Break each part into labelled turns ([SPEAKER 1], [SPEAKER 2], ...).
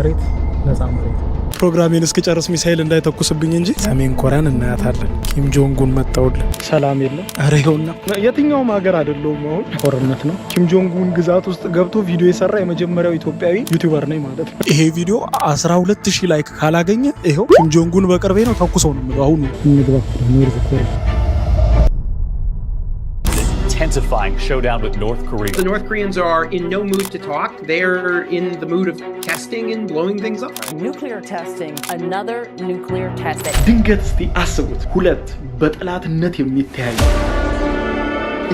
[SPEAKER 1] መሬት ነፃ መሬት ፕሮግራሜን እስክጨርስ ሚሳይል እንዳይተኩስብኝ እንጂ ሰሜን ኮሪያን እናያታለን። ኪም ጆንጉን መጣውልን ሰላም የለም። ኧረ ይኸውና የትኛውም ሀገር አይደለሁም። አሁን ጦርነት ነው። ኪም ጆንጉን ግዛት ውስጥ ገብቶ ቪዲዮ የሰራ የመጀመሪያው ኢትዮጵያዊ ዩቲዩበር ነኝ ማለት ነው። ይሄ ቪዲዮ 12000 ላይክ ካላገኘ ይኸው ኪም ጆንጉን በቅርቤ ነው ተኩሰው ነው አሁን
[SPEAKER 2] intensifying showdown with North Korea. The North Koreans are in no mood to talk. They're in the mood of testing and blowing things up.
[SPEAKER 3] Nuclear testing, another nuclear testing.
[SPEAKER 1] ድንገት ያሰቡት ሁለት በጠላትነት የሚተያዩ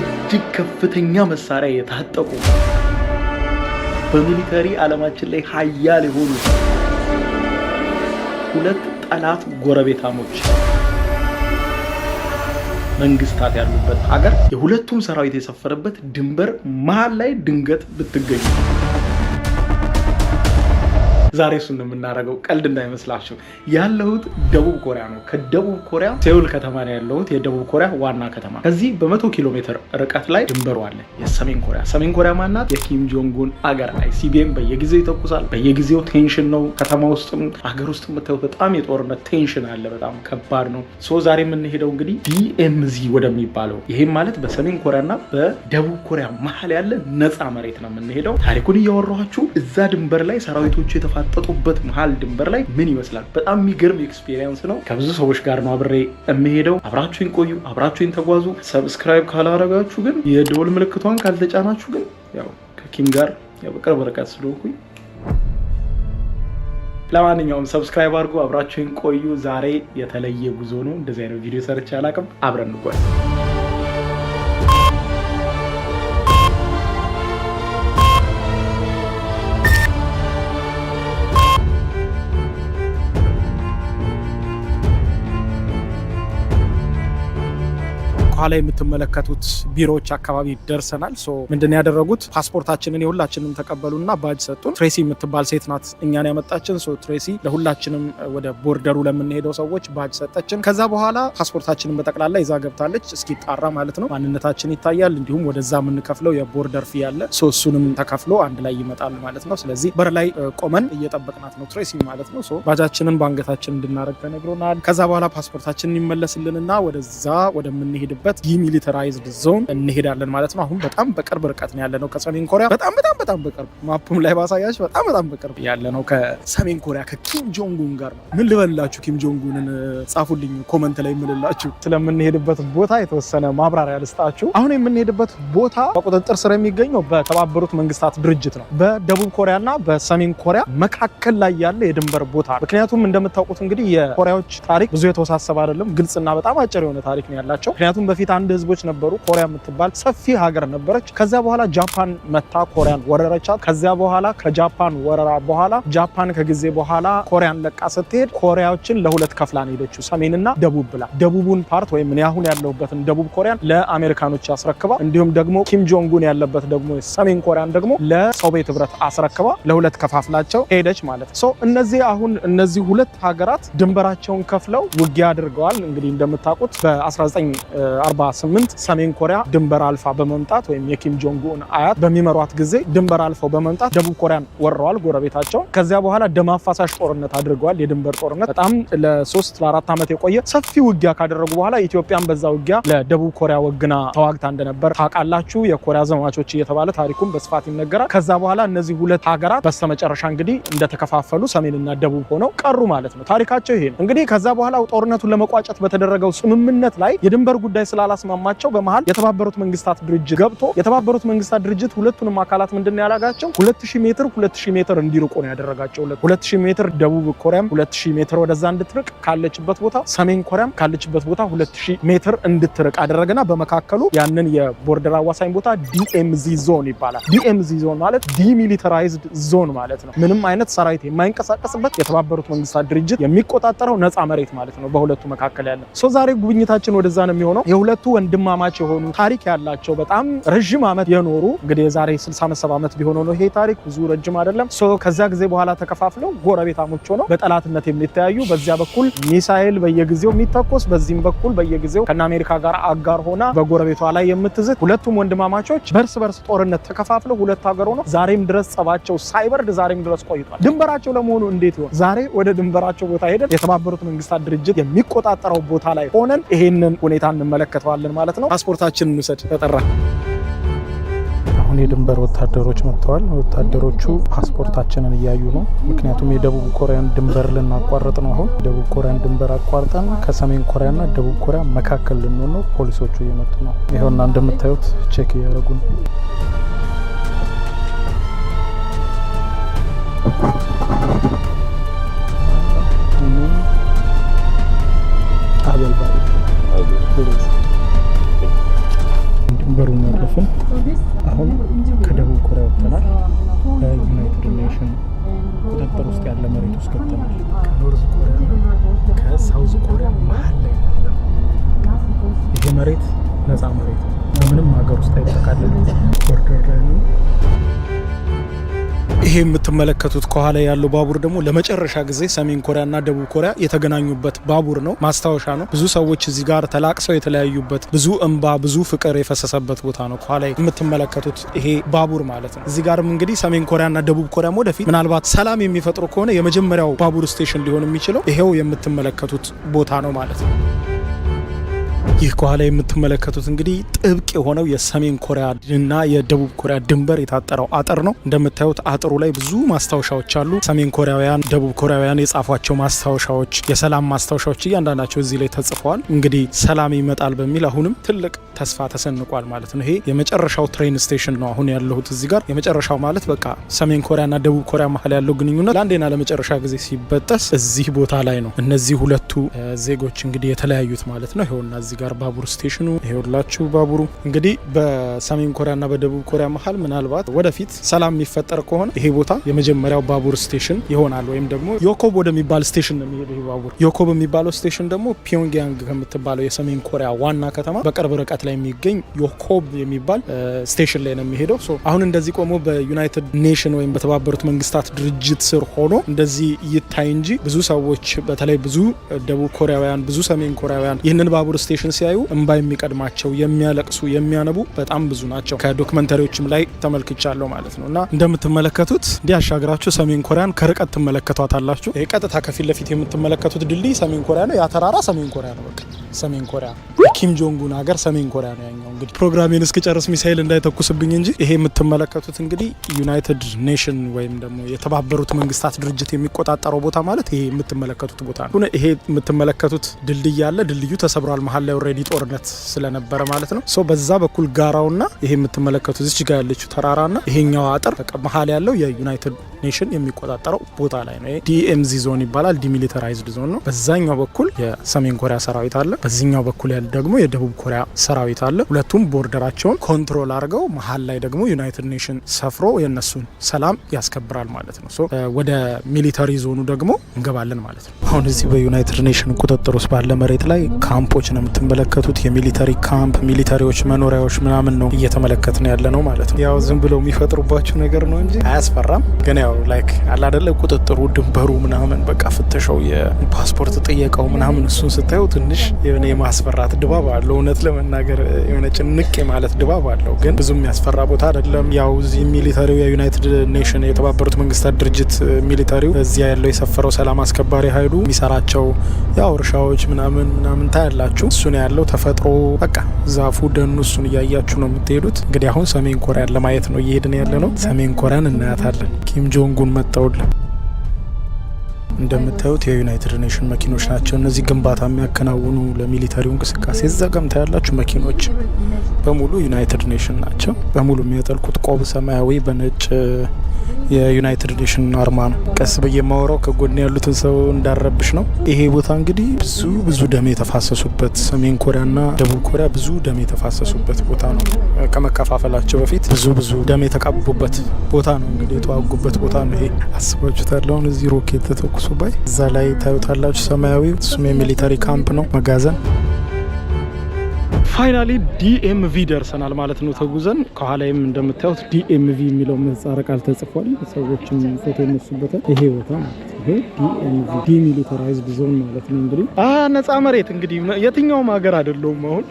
[SPEAKER 1] እጅግ ከፍተኛ መሳሪያ የታጠቁ በሚሊተሪ ዓለማችን ላይ ሀያል የሆኑ ሁለት ጠላት ጎረቤታሞች መንግስታት ያሉበት ሀገር የሁለቱም ሰራዊት የሰፈረበት ድንበር መሀል ላይ ድንገት ብትገኙ ዛሬ እሱን የምናደርገው ቀልድ እንዳይመስላችሁ። ያለሁት ደቡብ ኮሪያ ነው። ከደቡብ ኮሪያ ሴውል ከተማ ነው ያለሁት፣ የደቡብ ኮሪያ ዋና ከተማ። ከዚህ በመቶ ኪሎ ሜትር ርቀት ላይ ድንበሩ አለ የሰሜን ኮሪያ። ሰሜን ኮሪያ ማናት? የኪም ጆንጉን አገር። አይሲቢኤም በየጊዜው ይተኩሳል። በየጊዜው ቴንሽን ነው። ከተማ ውስጥም አገር ውስጥ የምታዩት በጣም የጦርነት ቴንሽን አለ። በጣም ከባድ ነው። ሶ ዛሬ የምንሄደው እንግዲህ ዲኤምዚ ወደሚባለው ይህም ማለት በሰሜን ኮሪያና በደቡብ ኮሪያ መሀል ያለ ነፃ መሬት ነው የምንሄደው። ታሪኩን እያወራኋችሁ እዛ ድንበር ላይ ሰራዊቶቹ የተፋ የተፋጠጡበት መሀል ድንበር ላይ ምን ይመስላል? በጣም የሚገርም ኤክስፔሪየንስ ነው። ከብዙ ሰዎች ጋር ነው አብሬ የምሄደው። አብራችሁኝ ቆዩ፣ አብራችሁኝ ተጓዙ። ሰብስክራይብ ካላረጋችሁ ግን የደወል ምልክቷን ካልተጫናችሁ ግን ያው ከኪም ጋር ያው በቅርብ ርቀት ስለሆንኩኝ ለማንኛውም ሰብስክራይብ አድርጉ፣ አብራችሁን ቆዩ። ዛሬ የተለየ ጉዞ ነው። እንደዚህ አይነት ቪዲዮ ሰርቼ አላውቅም። አብረን እንጓዝ። ከኋላ የምትመለከቱት ቢሮዎች አካባቢ ደርሰናል። ምንድን ያደረጉት ፓስፖርታችንን የሁላችንም ተቀበሉና ባጅ ሰጡን። ትሬሲ የምትባል ሴት ናት እኛን ያመጣችን። ትሬሲ ለሁላችንም ወደ ቦርደሩ ለምንሄደው ሰዎች ባጅ ሰጠችን። ከዛ በኋላ ፓስፖርታችንን በጠቅላላ ይዛ ገብታለች። እስኪጣራ ማለት ነው ማንነታችን ይታያል። እንዲሁም ወደዛ የምንከፍለው የቦርደር ፊ ያለ እሱንም ተከፍሎ አንድ ላይ ይመጣል ማለት ነው። ስለዚህ በር ላይ ቆመን እየጠበቅናት ነው ትሬሲ ማለት ነው። ባጃችንን በአንገታችን እንድናደረግ ተነግሮናል። ከዛ በኋላ ፓስፖርታችንን ይመለስልንና ወደዛ ወደምንሄድበት ወዳለበት ዲሚሊተራይዝድ ሚሊተራይዝድ ዞን እንሄዳለን ማለት ነው። አሁን በጣም በቅርብ ርቀት ነው ያለነው ከሰሜን ኮሪያ በጣም በጣም በጣም በቅርብ ማፕም ላይ ባሳያች በጣም በጣም በቅርብ ያለነው ከሰሜን ኮሪያ ከኪም ጆንጉን ጋር ነው። ምን ልበላችሁ ኪም ጆንጉንን ጻፉልኝ ኮመንት ላይ ምልላችሁ። ስለምንሄድበት ቦታ የተወሰነ ማብራሪያ ልስጣችሁ። አሁን የምንሄድበት ቦታ በቁጥጥር ስር የሚገኘው በተባበሩት መንግስታት ድርጅት ነው በደቡብ ኮሪያ ና በሰሜን ኮሪያ መካከል ላይ ያለ የድንበር ቦታ ነው። ምክንያቱም እንደምታውቁት እንግዲህ የኮሪያዎች ታሪክ ብዙ የተወሳሰበ አይደለም፣ ግልጽና በጣም አጭር የሆነ ታሪክ ነው ያላቸው። ምክንያቱም በፊት አንድ ህዝቦች ነበሩ። ኮሪያ የምትባል ሰፊ ሀገር ነበረች። ከዚያ በኋላ ጃፓን መታ ኮሪያን ወረረቻት። ከዚያ በኋላ ከጃፓን ወረራ በኋላ ጃፓን ከጊዜ በኋላ ኮሪያን ለቃ ስትሄድ ኮሪያዎችን ለሁለት ከፍላን ሄደችው፣ ሰሜንና ደቡብ ብላ። ደቡቡን ፓርት ወይም እኔ አሁን ያለሁበትን ደቡብ ኮሪያን ለአሜሪካኖች አስረክባ እንዲሁም ደግሞ ኪም ጆንጉን ያለበት ደግሞ ሰሜን ኮሪያን ደግሞ ለሶቪየት ህብረት አስረክባ ለሁለት ከፋፍላቸው ሄደች ማለት ነው። እነዚህ አሁን እነዚህ ሁለት ሀገራት ድንበራቸውን ከፍለው ውጊያ አድርገዋል። እንግዲህ እንደምታውቁት በ19 48 1948 ሰሜን ኮሪያ ድንበር አልፋ በመምጣት ወይም የኪም ጆንግን አያት በሚመሯት ጊዜ ድንበር አልፈው በመምጣት ደቡብ ኮሪያን ወረዋል፣ ጎረቤታቸው። ከዚያ በኋላ ደም አፋሳሽ ጦርነት አድርገዋል። የድንበር ጦርነት በጣም ለሶስት ለአራት ዓመት የቆየ ሰፊ ውጊያ ካደረጉ በኋላ ኢትዮጵያን በዛ ውጊያ ለደቡብ ኮሪያ ወግና ተዋግታ እንደነበር ታውቃላችሁ። የኮሪያ ዘማቾች እየተባለ ታሪኩም በስፋት ይነገራል። ከዛ በኋላ እነዚህ ሁለት ሀገራት በስተመጨረሻ እንግዲህ እንደተከፋፈሉ ሰሜንና ደቡብ ሆነው ቀሩ ማለት ነው። ታሪካቸው ይሄ ነው። እንግዲህ ከዛ በኋላ ጦርነቱን ለመቋጨት በተደረገው ስምምነት ላይ የድንበር ጉዳይ ስላላስማማቸው በመሀል የተባበሩት መንግስታት ድርጅት ገብቶ የተባበሩት መንግስታት ድርጅት ሁለቱንም አካላት ምንድን ያላጋቸው 2000 ሜትር 2000 ሜትር እንዲርቁ ነው ያደረጋቸው። 2000 ሜትር ደቡብ ኮሪያም 2000 ሜትር ወደዛ እንድትርቅ ካለችበት ቦታ ሰሜን ኮሪያም ካለችበት ቦታ 2000 ሜትር እንድትርቅ አደረገና በመካከሉ ያንን የቦርደር አዋሳኝ ቦታ ዲኤምዚ ዞን ይባላል። ዲኤምዚ ዞን ማለት ዲሚሊተራይዝድ ዞን ማለት ነው። ምንም አይነት ሰራዊት የማይንቀሳቀስበት የተባበሩት መንግስታት ድርጅት የሚቆጣጠረው ነፃ መሬት ማለት ነው በሁለቱ መካከል ያለ። ሶ ዛሬ ጉብኝታችን ወደዛ ነው የሚሆነው። ሁለቱ ወንድማማች የሆኑ ታሪክ ያላቸው በጣም ረዥም ዓመት የኖሩ እንግዲህ የዛሬ 67 ዓመት ቢሆነው ነው ይሄ ታሪክ ብዙ ረጅም አይደለም። ከዛ ጊዜ በኋላ ተከፋፍለው ጎረቤታሞች ሆነው በጠላትነት የሚተያዩ በዚያ በኩል ሚሳኤል በየጊዜው የሚተኮስ በዚህም በኩል በየጊዜው ከነ አሜሪካ ጋር አጋር ሆና በጎረቤቷ ላይ የምትዝት ሁለቱም ወንድማማቾች በርስ በርስ ጦርነት ተከፋፍለው ሁለት ሀገር ሆነው ዛሬም ድረስ ጸባቸው ሳይበርድ ዛሬም ድረስ ቆይቷል። ድንበራቸው ለመሆኑ እንዴት ይሆን? ዛሬ ወደ ድንበራቸው ቦታ ሄደን የተባበሩት መንግስታት ድርጅት የሚቆጣጠረው ቦታ ላይ ሆነን ይሄንን ሁኔታ እንመለከት እንመለከተዋለን ማለት ነው። ፓስፖርታችንን እንውሰድ ተጠራ። አሁን የድንበር ወታደሮች መጥተዋል። ወታደሮቹ ፓስፖርታችንን እያዩ ነው። ምክንያቱም የደቡብ ኮሪያን ድንበር ልናቋርጥ ነው። አሁን ደቡብ ኮሪያን ድንበር አቋርጠን ከሰሜን ኮሪያና ደቡብ ኮሪያ መካከል ልንሆን ነው። ፖሊሶቹ እየመጡ ነው። ይኸውና እንደምታዩት ቼክ እያደረጉ ነው። አበልባ ክፍል አሁን ከደቡብ ኮሪያ ወጥተናል። በዩናይትድ ኔሽን ቁጥጥር ውስጥ ያለ መሬት ውስጥ ገብተናል። ከኖርዝ ኮሪያ ከሳውዝ ኮሪያ መሀል ላይ ይሄ መሬት ነፃ መሬት ነው። በምንም ሀገር ውስጥ አይጠቃልልም ቦርደር ላይ ይሄ የምትመለከቱት ከኋላ ያለው ባቡር ደግሞ ለመጨረሻ ጊዜ ሰሜን ኮሪያ እና ደቡብ ኮሪያ የተገናኙበት ባቡር ነው። ማስታወሻ ነው። ብዙ ሰዎች እዚህ ጋር ተላቅሰው የተለያዩበት፣ ብዙ እንባ፣ ብዙ ፍቅር የፈሰሰበት ቦታ ነው። ከኋላ የምትመለከቱት ይሄ ባቡር ማለት ነው። እዚህ ጋርም እንግዲህ ሰሜን ኮሪያና ደቡብ ኮሪያም ወደፊት ምናልባት ሰላም የሚፈጥሩ ከሆነ የመጀመሪያው ባቡር ስቴሽን ሊሆን የሚችለው ይሄው የምትመለከቱት ቦታ ነው ማለት ነው። ይህ ከኋላ የምትመለከቱት እንግዲህ ጥብቅ የሆነው የሰሜን ኮሪያ እና የደቡብ ኮሪያ ድንበር የታጠረው አጥር ነው። እንደምታዩት አጥሩ ላይ ብዙ ማስታወሻዎች አሉ። ሰሜን ኮሪያውያን፣ ደቡብ ኮሪያውያን የጻፏቸው ማስታወሻዎች፣ የሰላም ማስታወሻዎች እያንዳንዳቸው እዚህ ላይ ተጽፈዋል። እንግዲህ ሰላም ይመጣል በሚል አሁንም ትልቅ ተስፋ ተሰንቋል ማለት ነው። ይሄ የመጨረሻው ትሬን ስቴሽን ነው አሁን ያለሁት እዚህ ጋር። የመጨረሻው ማለት በቃ ሰሜን ኮሪያና ደቡብ ኮሪያ መሀል ያለው ግንኙነት ለአንዴና ለመጨረሻ ጊዜ ሲበጠስ እዚህ ቦታ ላይ ነው። እነዚህ ሁለቱ ዜጎች እንግዲህ የተለያዩት ማለት ነው። ይሆና እዚህ እዚህ ጋር ባቡር ስቴሽኑ ይሄውላችሁ። ባቡሩ እንግዲህ በሰሜን ኮሪያና በደቡብ ኮሪያ መሀል ምናልባት ወደፊት ሰላም የሚፈጠር ከሆነ ይሄ ቦታ የመጀመሪያው ባቡር ስቴሽን ይሆናል። ወይም ደግሞ ዮኮብ ወደሚባል ስቴሽን ነው የሚሄደው ይሄ ባቡር። ዮኮብ የሚባለው ስቴሽን ደግሞ ፒዮንግያንግ ከምትባለው የሰሜን ኮሪያ ዋና ከተማ በቅርብ ርቀት ላይ የሚገኝ ዮኮብ የሚባል ስቴሽን ላይ ነው የሚሄደው። አሁን እንደዚህ ቆሞ በዩናይትድ ኔሽን ወይም በተባበሩት መንግስታት ድርጅት ስር ሆኖ እንደዚህ ይታይ እንጂ ብዙ ሰዎች በተለይ ብዙ ደቡብ ኮሪያውያን፣ ብዙ ሰሜን ኮሪያውያን ይህንን ባቡር ስቴሽን ሰዎችን ሲያዩ እንባ የሚቀድማቸው የሚያለቅሱ፣ የሚያነቡ በጣም ብዙ ናቸው። ከዶክመንተሪዎችም ላይ ተመልክቻለሁ ማለት ነው እና እንደምትመለከቱት እንዲህ አሻግራችሁ ሰሜን ኮሪያን ከርቀት ትመለከቷት አላችሁ። ቀጥታ ከፊት ለፊት የምትመለከቱት ድልድይ ሰሜን ኮሪያ ነው። ያ ተራራ ሰሜን ኮሪያ ነው። ሰሜን ኮሪያ ኪም ጆንጉን ሀገር ሰሜን ኮሪያ ነው። ያኛው እንግዲህ ፕሮግራሜን እስክጨርስ ሚሳይል እንዳይተኩስብኝ እንጂ ይሄ የምትመለከቱት እንግዲህ ዩናይትድ ኔሽን ወይም ደግሞ የተባበሩት መንግስታት ድርጅት የሚቆጣጠረው ቦታ ማለት ይሄ የምትመለከቱት ቦታ ነው። ይሄ የምትመለከቱት ድልድይ አለ። ድልድዩ ተሰብሯል መሀል ላይ ኦልሬዲ ጦርነት ስለነበረ ማለት ነው። ሶ በዛ በኩል ጋራውና ይሄ የምትመለከቱ እዚች ጋር ያለችው ተራራና ይሄኛው አጥር መሀል ያለው የዩናይትድ ኔሽን የሚቆጣጠረው ቦታ ላይ ነው። ዲኤምዚ ዞን ይባላል። ዲሚሊተራይዝድ ዞን ነው። በዛኛው በኩል የሰሜን ኮሪያ ሰራዊት አለ፣ በዚኛው በኩል ያለ ደግሞ የደቡብ ኮሪያ ሰራዊት አለ። ሁለቱም ቦርደራቸውን ኮንትሮል አድርገው መሀል ላይ ደግሞ ዩናይትድ ኔሽን ሰፍሮ የእነሱን ሰላም ያስከብራል ማለት ነው። ወደ ሚሊተሪ ዞኑ ደግሞ እንገባለን ማለት ነው። አሁን እዚህ በዩናይትድ ኔሽን ቁጥጥር ውስጥ ባለ መሬት ላይ ካምፖች ነው የምትመለከቱት። የሚሊተሪ ካምፕ ሚሊተሪዎች መኖሪያዎች ምናምን ነው እየተመለከት ነው ያለ ነው ማለት ነው። ያው ዝም ብለው የሚፈጥሩባቸው ነገር ነው እንጂ አያስፈራም ግን ያው ላይክ አላደለ ቁጥጥሩ ድንበሩ ምናምን በቃ ፍተሻው የፓስፖርት ጥየቀው ምናምን እሱን ስታዩ ትንሽ የሆነ የማስፈራት ድባብ አለው። እውነት ለመናገር የሆነ ጭንቅ ማለት ድባብ አለው። ግን ብዙ የሚያስፈራ ቦታ አይደለም። ያው እዚህ ሚሊተሪው የዩናይትድ ኔሽን የተባበሩት መንግስታት ድርጅት ሚሊተሪው እዚያ ያለው የሰፈረው ሰላም አስከባሪ ኃይሉ የሚሰራቸው ያው እርሻዎች ምናምን ምናምን ታያላችሁ። እሱን ያለው ተፈጥሮ በቃ ዛፉ ደኑ እሱን እያያችሁ ነው የምትሄዱት። እንግዲህ አሁን ሰሜን ኮሪያን ለማየት ነው እየሄድን ያለ ነው። ሰሜን ኮሪያን እናያታለን ኪም ኪምጆንጉን መጣውል። እንደምታዩት የዩናይትድ ኔሽን መኪኖች ናቸው እነዚህ ግንባታ የሚያከናውኑ ለሚሊተሪው እንቅስቃሴ እዛ ቀምታ ያላችሁ መኪኖች በሙሉ ዩናይትድ ኔሽን ናቸው። በሙሉ የሚያጠልቁት ቆብ ሰማያዊ በነጭ የዩናይትድ ኔሽን አርማ ነው። ቀስ ብዬ የማወራው ከጎን ያሉትን ሰው እንዳረብሽ ነው። ይሄ ቦታ እንግዲህ ብዙ ብዙ ደም የተፋሰሱበት ሰሜን ኮሪያና ደቡብ ኮሪያ ብዙ ደም የተፋሰሱበት ቦታ ነው። ከመከፋፈላቸው በፊት ብዙ ብዙ ደም የተቃቡበት ቦታ ነው። እንግዲህ የተዋጉበት ቦታ ነው። ይሄ አስባችሁታል? አሁን እዚህ ሮኬት ተተኩሱባይ እዛ ላይ ታዩታላችሁ። ሰማያዊ እሱም የሚሊተሪ ካምፕ ነው መጋዘን ፋይናሊ ዲኤምቪ ደርሰናል ማለት ነው ተጉዘን። ከኋላይም እንደምታዩት ዲኤምቪ የሚለው ምህጻረ ቃል ተጽፏል። ሰዎችም ፎቶ ይነሱበታል። ይሄ ቦታ ማለት ዲኤምቪ ዲሚሊታራይዝድ ዞን ማለት ነው። እንግዲህ ነፃ መሬት እንግዲህ የትኛውም ሀገር አይደለውም አሁን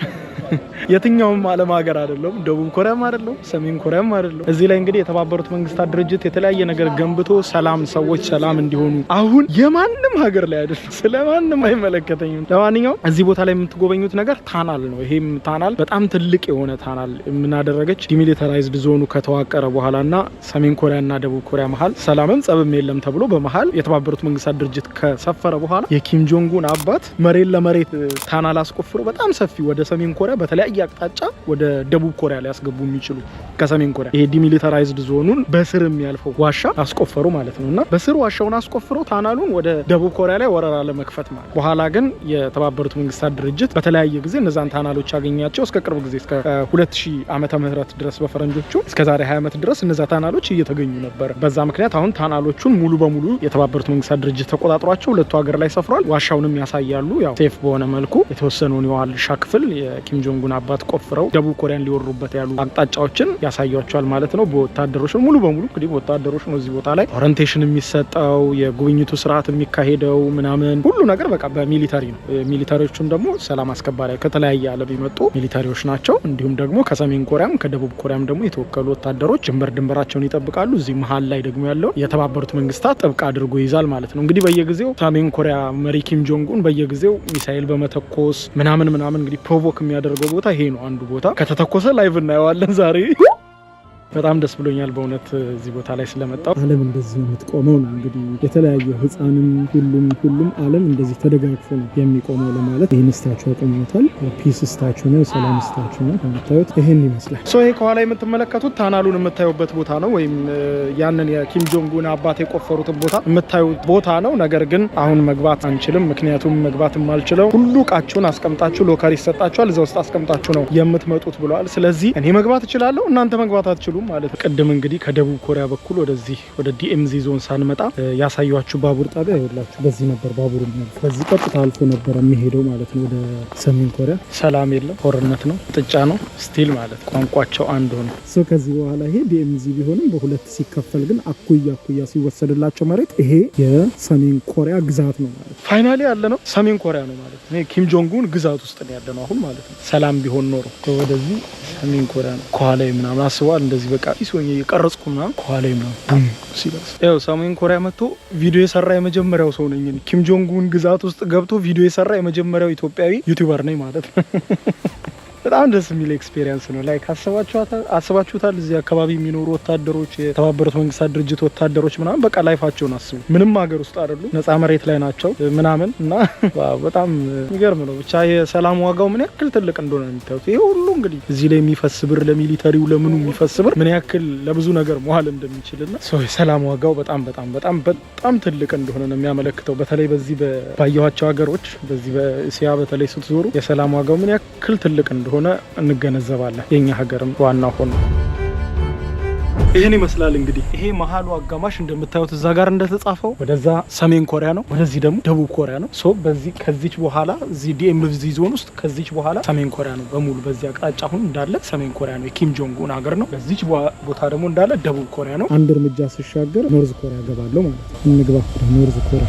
[SPEAKER 1] የትኛውም ዓለም ሀገር አይደለም፣ ደቡብ ኮሪያም አይደለም፣ ሰሜን ኮሪያም አይደለም። እዚህ ላይ እንግዲህ የተባበሩት መንግስታት ድርጅት የተለያየ ነገር ገንብቶ ሰላም ሰዎች ሰላም እንዲሆኑ አሁን የማንም ሀገር ላይ አይደለም። ስለማንም አይመለከተኝም። ለማንኛውም እዚህ ቦታ ላይ የምትጎበኙት ነገር ታናል ነው። ይሄም ታናል በጣም ትልቅ የሆነ ታናል የምናደረገች ዲሚሊተራይዝድ ዞኑ ከተዋቀረ በኋላ ና ሰሜን ኮሪያ ና ደቡብ ኮሪያ መሀል ሰላምም ጸብም የለም ተብሎ በመሀል የተባበሩት መንግስታት ድርጅት ከሰፈረ በኋላ የኪም ጆንጉን አባት መሬት ለመሬት ታናል አስቆፍሮ በጣም ሰፊ ወደ ሰሜን ኮሪያ በተለያየ አቅጣጫ ወደ ደቡብ ኮሪያ ሊያስገቡ የሚችሉ ከሰሜን ኮሪያ ይሄ ዲሚሊታራይዝድ ዞኑን በስር የሚያልፈው ዋሻ አስቆፈሩ ማለት ነው እና በስር ዋሻውን አስቆፍሮ ታናሉን ወደ ደቡብ ኮሪያ ላይ ወረራ ለመክፈት ማለት። በኋላ ግን የተባበሩት መንግስታት ድርጅት በተለያየ ጊዜ እነዛን ታናሎች ያገኛቸው እስከ ቅርብ ጊዜ እስከ 2000 ዓመተ ምህረት ድረስ በፈረንጆቹ እስከ ዛሬ 20 ዓመት ድረስ እነዛ ታናሎች እየተገኙ ነበር። በዛ ምክንያት አሁን ታናሎቹን ሙሉ በሙሉ የተባበሩት መንግስታት ድርጅት ተቆጣጥሯቸው ሁለቱ ሀገር ላይ ሰፍሯል። ዋሻውንም ያሳያሉ ያው ሴፍ በሆነ መልኩ የተወሰነውን የዋልሻ ክፍል የኪም ጆንጉን አባት ቆፍረው ደቡብ ኮሪያን ሊወሩበት ያሉ አቅጣጫዎችን ያሳያቸዋል ማለት ነው። በወታደሮች ነው ሙሉ በሙሉ እንግዲህ በወታደሮች ነው እዚህ ቦታ ላይ ኦሪንቴሽን የሚሰጠው የጉብኝቱ ስርዓት የሚካሄደው ምናምን ሁሉ ነገር በቃ በሚሊታሪ ነው። ሚሊታሪዎቹም ደግሞ ሰላም አስከባሪ ከተለያየ ዓለም የመጡ ሚሊታሪዎች ናቸው። እንዲሁም ደግሞ ከሰሜን ኮሪያም ከደቡብ ኮሪያም ደግሞ የተወከሉ ወታደሮች ድንበር ድንበራቸውን ይጠብቃሉ። እዚህ መሀል ላይ ደግሞ ያለው የተባበሩት መንግስታት ጥብቅ አድርጎ ይይዛል ማለት ነው። እንግዲህ በየጊዜው ሰሜን ኮሪያ መሪ ኪም ጆንጉን በየጊዜው ሚሳይል በመተኮስ ምናምን ምናምን እንግዲህ ፕሮቮክ የሚያደርጉ የሚደረገው ቦታ ይሄ ነው። አንዱ ቦታ ከተተኮሰ ላይቭ እናየዋለን ዛሬ በጣም ደስ ብሎኛል በእውነት እዚህ ቦታ ላይ ስለመጣው። ዓለም እንደዚህ የምትቆመው ነው እንግዲህ የተለያዩ ህፃንም፣ ሁሉም ሁሉም ዓለም እንደዚህ ተደጋግፎ ነው የሚቆመው ለማለት ይህን ስታችሁ ያቆሙታል። ፒስ ስታችሁ ነው፣ የሰላም ስታችሁ ነው። ከምታዩት ይህን ይመስላል። ሶ ይሄ ከኋላ የምትመለከቱት ታናሉን የምታዩበት ቦታ ነው፣ ወይም ያንን የኪም ጆንጉን አባት የቆፈሩትን ቦታ የምታዩት ቦታ ነው። ነገር ግን አሁን መግባት አንችልም፣ ምክንያቱም መግባት የማልችለው ሁሉ እቃችሁን አስቀምጣችሁ ሎከር ይሰጣችኋል፣ እዛ ውስጥ አስቀምጣችሁ ነው የምትመጡት ብለዋል። ስለዚህ እኔ መግባት እችላለሁ፣ እናንተ መግባት አትችሉም። ማለት ነው። ቅድም እንግዲህ ከደቡብ ኮሪያ በኩል ወደዚህ ወደ ዲኤምዚ ዞን ሳንመጣ ያሳዩችሁ ባቡር ጣቢያ ይኸውላችሁ፣ በዚህ ነበር ባቡር በዚህ ቀጥታ አልፎ ነበረ የሚሄደው ማለት ነው ወደ ሰሜን ኮሪያ። ሰላም የለም፣ ጦርነት ነው፣ ጥጫ ነው ስቲል ማለት ቋንቋቸው አንዱ ነው። ከዚህ በኋላ ይሄ ዲኤምዚ ቢሆንም በሁለት ሲከፈል ግን አኩያ አኩያ ሲወሰድላቸው መሬት ይሄ የሰሜን ኮሪያ ግዛት ነው ማለት ፋይናሊ ያለ ነው ሰሜን ኮሪያ ነው ማለት ነው። ኪም ጆንግን ግዛት ውስጥ ነው ያለ ነው አሁን ማለት ነው። ሰላም ቢሆን ኖሮ ወደዚህ ሰሜን ኮሪያ ነው ከኋላ ምናምን አስበዋል እንደዚህ በቃ ፊስ የቀረጽኩ ምናምን ከኋላ ምናምን ቡም ሲደርስ ያው ሰሜን ኮሪያ መጥቶ ቪዲዮ የሰራ የመጀመሪያው ሰው ነኝ። ኪም ጆንጉን ግዛት ውስጥ ገብቶ ቪዲዮ የሰራ የመጀመሪያው ኢትዮጵያዊ ዩቲዩበር ነኝ ማለት ነው። በጣም ደስ የሚል ኤክስፔሪንስ ነው። ላይ አስባችሁታል? እዚህ አካባቢ የሚኖሩ ወታደሮች፣ የተባበሩት መንግስታት ድርጅት ወታደሮች ምናምን በቃ ላይፋቸውን አስቡ። ምንም ሀገር ውስጥ አይደሉ፣ ነፃ መሬት ላይ ናቸው ምናምን እና በጣም የሚገርም ነው። ብቻ የሰላም ዋጋው ምን ያክል ትልቅ እንደሆነ የሚታዩት ይሄ ሁሉ እንግዲህ እዚህ ላይ የሚፈስ ብር ለሚሊተሪው ለምኑ የሚፈስ ብር ምን ያክል ለብዙ ነገር መዋል እንደሚችልና የሰላም ዋጋው በጣም በጣም በጣም በጣም ትልቅ እንደሆነ ነው የሚያመለክተው። በተለይ በዚህ ባየኋቸው ሀገሮች በዚህ በእስያ በተለይ ስትዞሩ የሰላም ዋጋው ምን ያክል ትልቅ እንደሆነ እንደሆነ እንገነዘባለን። የእኛ ሀገርም ዋና ሆኖ ይህን ይመስላል እንግዲህ ይሄ መሀሉ አጋማሽ እንደምታዩት እዛ ጋር እንደተጻፈው ወደዛ ሰሜን ኮሪያ ነው፣ ወደዚህ ደግሞ ደቡብ ኮሪያ ነው። ሶ በዚህ ከዚች በኋላ እዚህ ዲኤምቪ ዞን ውስጥ ከዚች በኋላ ሰሜን ኮሪያ ነው በሙሉ። በዚህ አቅጣጫ አሁን እንዳለ ሰሜን ኮሪያ ነው፣ የኪም ጆንግ ኡን ሀገር ነው። በዚች ቦታ ደግሞ እንዳለ ደቡብ ኮሪያ ነው። አንድ እርምጃ ስሻገር ኖርዝ ኮሪያ ገባለሁ ማለት ነው። እንግባ ኖርዝ ኮሪያ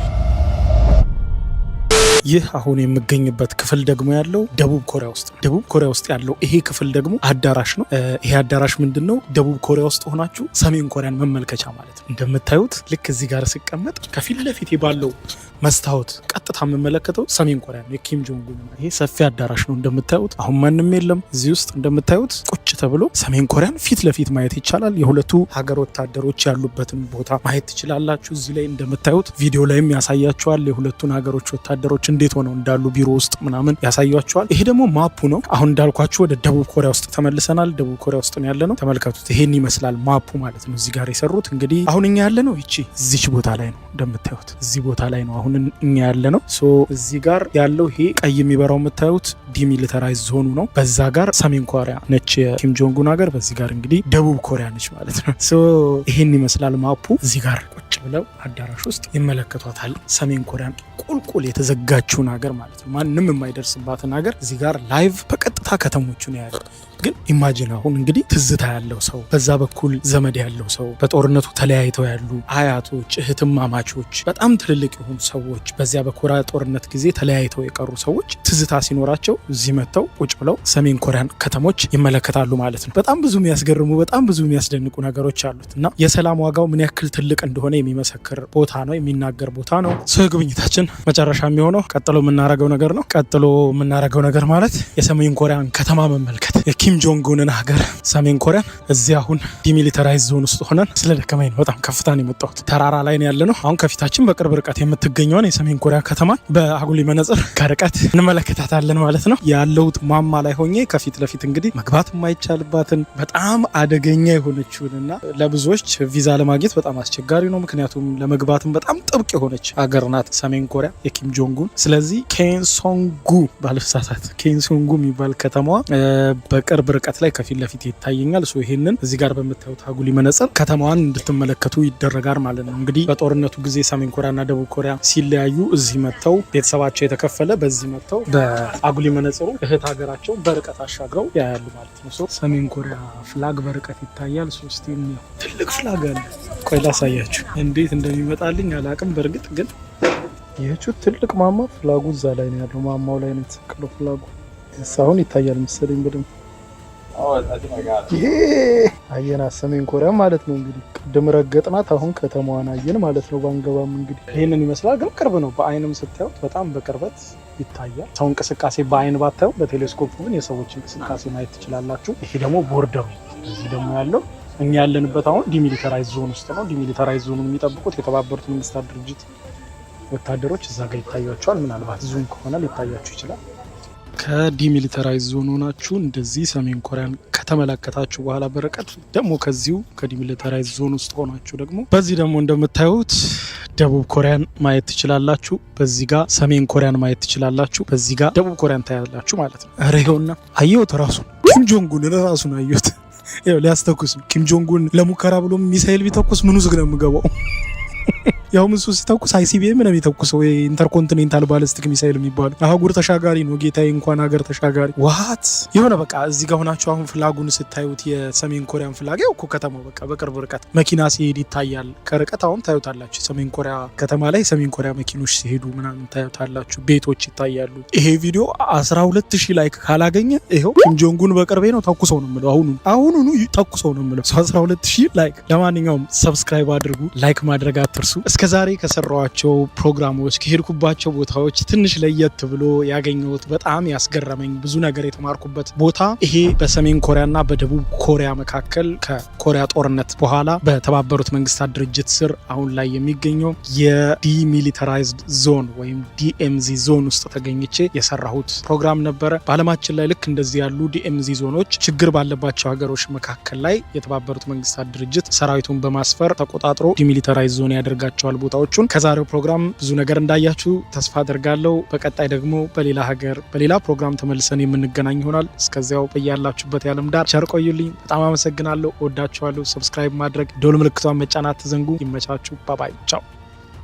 [SPEAKER 1] ይህ አሁን የምገኝበት ክፍል ደግሞ ያለው ደቡብ ኮሪያ ውስጥ ነው። ደቡብ ኮሪያ ውስጥ ያለው ይሄ ክፍል ደግሞ አዳራሽ ነው። ይሄ አዳራሽ ምንድን ነው? ደቡብ ኮሪያ ውስጥ ሆናችሁ ሰሜን ኮሪያን መመልከቻ ማለት ነው። እንደምታዩት ልክ እዚህ ጋር ስቀመጥ ከፊት ለፊቴ ባለው መስታወት ቀጥታ የምመለከተው ሰሜን ኮሪያ ነው፣ የኪም ጆንግ ኡን። ይሄ ሰፊ አዳራሽ ነው እንደምታዩት። አሁን ማንም የለም እዚህ ውስጥ እንደምታዩት ቁጭ ተብሎ ሰሜን ኮሪያን ፊት ለፊት ማየት ይቻላል። የሁለቱ ሀገር ወታደሮች ያሉበትን ቦታ ማየት ትችላላችሁ። እዚህ ላይ እንደምታዩት ቪዲዮ ላይም ያሳያችኋል የሁለቱን ሀገሮች ወታደሮች እንዴት ሆነው እንዳሉ ቢሮ ውስጥ ምናምን ያሳያቸዋል። ይሄ ደግሞ ማፑ ነው። አሁን እንዳልኳችሁ ወደ ደቡብ ኮሪያ ውስጥ ተመልሰናል። ደቡብ ኮሪያ ውስጥ ነው ያለ ነው። ተመልከቱት። ይሄን ይመስላል ማፑ ማለት ነው። እዚህ ጋር የሰሩት እንግዲህ አሁን እኛ ያለ ነው ይቺ እዚች ቦታ ላይ ነው እንደምታዩት፣ እዚህ ቦታ ላይ ነው አሁን እኛ ያለ ነው። እዚህ ጋር ያለው ይሄ ቀይ የሚበራው የምታዩት ዲሚሊተራይዝ ዞኑ ነው። በዛ ጋር ሰሜን ኮሪያ ነች የኪም ጆንጉን ሀገር፣ በዚህ ጋር እንግዲህ ደቡብ ኮሪያ ነች ማለት ነው። ይሄን ይመስላል ማፑ። እዚህ ጋር ቁጭ ብለው አዳራሽ ውስጥ ይመለከቷታል ሰሜን ኮሪያን ቁልቁል የተዘጋችውን ሀገር ማለት ነው፣ ማንም የማይደርስባትን ሀገር እዚህ ጋር ላይቭ በቀጥታ ከተሞቹ ነው ያለ። ግን ኢማጂን አሁን እንግዲህ ትዝታ ያለው ሰው፣ በዛ በኩል ዘመድ ያለው ሰው፣ በጦርነቱ ተለያይተው ያሉ አያቶች፣ እህትማማቾች፣ በጣም ትልልቅ የሆኑ ሰዎች፣ በዚያ በኮሪያ ጦርነት ጊዜ ተለያይተው የቀሩ ሰዎች ትዝታ ሲኖራቸው እዚህ መጥተው ቁጭ ብለው ሰሜን ኮሪያን ከተሞች ይመለከታሉ ማለት ነው። በጣም ብዙ የሚያስገርሙ በጣም ብዙ የሚያስደንቁ ነገሮች አሉት እና የሰላም ዋጋው ምን ያክል ትልቅ እንደሆነ የሚመሰክር ቦታ ነው፣ የሚናገር ቦታ ነው። ስለ ጉብኝታችን መጨረሻ የሚሆነው ቀጥሎ የምናረገው ነገር ነው። ቀጥሎ የምናረገው ነገር ማለት የሰሜን ኮሪያን ከተማ መመልከት የኪም ጆንግንን ሀገር ሰሜን ኮሪያን እዚህ አሁን ዲሚሊተራይዝ ዞን ውስጥ ሆነን ስለ ደከመኝ ነው በጣም ከፍታን የመጣሁት ተራራ ላይ ነው ያለ ነው። አሁን ከፊታችን በቅርብ ርቀት የምትገኘውን የሰሜን ኮሪያ ከተማ በአጉሊ መነጽር ከርቀት እንመለከታታለን ማለት ነው። ያለሁት ማማ ላይ ሆኜ ከፊት ለፊት እንግዲህ መግባት የማይቻልባትን በጣም አደገኛ የሆነችውን እና ለብዙዎች ቪዛ ለማግኘት በጣም አስቸጋሪ ነው። ምክንያቱም ለመግባትም በጣም ጥብቅ የሆነች ሀገር ናት ሰሜን ኮሪያ የኪም ጆንጉን። ስለዚህ ኬንሶንጉ ባለሳሳት ኬንሶንጉ የሚባል ከተማዋ በቅርብ ርቀት ላይ ከፊት ለፊት ይታየኛል። ይህንን እዚህ ጋር በምታዩት አጉሊ መነጽር ከተማዋን እንድትመለከቱ ይደረጋል ማለት ነው። እንግዲህ በጦርነቱ ጊዜ ሰሜን ኮሪያና ደቡብ ኮሪያ ሲለያዩ እዚህ መጥተው ቤተሰባቸው የተከፈለ በዚህ መጥተው በአጉሊ መነጽሩ እህት ሀገራቸው በርቀት አሻግረው ያያሉ ማለት ነው። ሰሜን ኮሪያ ፍላግ በርቀት ይታያል። ሶስት ትልቅ ፍላግ አለ። ቆይ ላሳያችሁ እንዴት እንደሚመጣልኝ አላቅም። በእርግጥ ግን ይህች ትልቅ ማማ ፍላጉ እዛ ላይ ነው ያለው። ማማው ላይ ነው የተሰቀለው ፍላጉ። አሁን ይታያል መሰለኝ በደምብ። ይሄ አየና ሰሜን ኮሪያ ማለት ነው እንግዲህ። ቅድም ረገጥናት፣ አሁን ከተማዋን አየን ማለት ነው። ባንገባም እንግዲህ ይህንን ይመስላል። ግን ቅርብ ነው፣ በአይንም ስታዩት በጣም በቅርበት ይታያል። ሰው እንቅስቃሴ በአይን ባታዩ፣ በቴሌስኮፕ ምን የሰዎች እንቅስቃሴ ማየት ትችላላችሁ። ይሄ ደግሞ ቦርደሩ፣ እዚህ ደግሞ ያለው እኛ ያለንበት አሁን ዲሚሊተራይዝ ዞን ውስጥ ነው። ዲሚሊተራይዝ ዞኑ የሚጠብቁት የተባበሩት መንግስታት ድርጅት ወታደሮች እዛ ጋር ይታያቸዋል። ምናልባት ዙም ከሆነ ሊታያችሁ ይችላል። ከዲሚሊተራይዝ ዞን ሆናችሁ እንደዚህ ሰሜን ኮሪያን ከተመለከታችሁ በኋላ በርቀት ደግሞ ከዚሁ ከዲሚሊተራይዝ ዞን ውስጥ ሆናችሁ ደግሞ በዚህ ደግሞ እንደምታዩት ደቡብ ኮሪያን ማየት ትችላላችሁ። በዚህ ጋር ሰሜን ኮሪያን ማየት ትችላላችሁ። በዚህ ጋር ደቡብ ኮሪያን ታያላችሁ ማለት ነው። ኧረ ይኸውና አየሁት፣ ራሱን ራሱን አየሁት። ሊያስተኩስ ኪምጆንጉን ለሙከራ ብሎ ሚሳይል ቢተኩስ ምን ውስጥ ነው የምገባው? ያውም እሱ ሲተኩስ አይሲቢኤም ነው የሚተኩሰው፣ ኢንተርኮንቲኔንታል ባለስቲክ ሚሳይል የሚባሉ አህጉር ተሻጋሪ ነው ጌታዬ፣ እንኳን ሀገር ተሻጋሪ ዋት የሆነ በቃ እዚህ ጋር ሆናችሁ አሁን ፍላጉን ስታዩት የሰሜን ኮሪያን ፍላግ ያው እኮ ከተማው በቃ በቅርብ ርቀት መኪና ሲሄድ ይታያል። ከርቀት አሁን ታዩታላችሁ። ሰሜን ኮሪያ ከተማ ላይ ሰሜን ኮሪያ መኪኖች ሲሄዱ ምናምን ታዩታላችሁ። ቤቶች ይታያሉ። ይሄ ቪዲዮ 12 ሺህ ላይክ ካላገኘ ይኸው ኪምጆንጉን በቅርቤ ነው ተኩሰው ነው የምለው። አሁኑ አሁኑኑ ተኩሰው ነው የምለው። 12 ሺህ ላይክ። ለማንኛውም ሰብስክራይብ አድርጉ፣ ላይክ ማድረግ አትርሱ። እስከ ዛሬ ከሰራኋቸው ፕሮግራሞች ከሄድኩባቸው ቦታዎች ትንሽ ለየት ብሎ ያገኘሁት በጣም ያስገረመኝ ብዙ ነገር የተማርኩበት ቦታ ይሄ በሰሜን ኮሪያና በደቡብ ኮሪያ መካከል ከኮሪያ ጦርነት በኋላ በተባበሩት መንግስታት ድርጅት ስር አሁን ላይ የሚገኘው የዲሚሊተራይዝድ ዞን ወይም ዲኤምዚ ዞን ውስጥ ተገኝቼ የሰራሁት ፕሮግራም ነበረ። በዓለማችን ላይ ልክ እንደዚህ ያሉ ዲኤምዚ ዞኖች ችግር ባለባቸው ሀገሮች መካከል ላይ የተባበሩት መንግስታት ድርጅት ሰራዊቱን በማስፈር ተቆጣጥሮ ዲሚሊተራይዝ ዞን ያደርጋል ያደርጋቸዋል ቦታዎቹን። ከዛሬው ፕሮግራም ብዙ ነገር እንዳያችሁ ተስፋ አደርጋለሁ። በቀጣይ ደግሞ በሌላ ሀገር በሌላ ፕሮግራም ተመልሰን የምንገናኝ ይሆናል። እስከዚያው በያላችሁበት የዓለም ዳር ቸር ቆዩልኝ። በጣም አመሰግናለሁ። ወዳችኋለሁ። ሰብስክራይብ ማድረግ ደወል ምልክቷን መጫናት ተዘንጉ። ይመቻችሁ። ባባይ ቻው።